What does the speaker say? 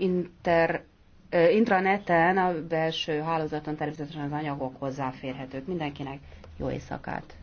inter, intraneten, a belső hálózaton természetesen az anyagok hozzáférhetők. Mindenkinek jó éjszakát!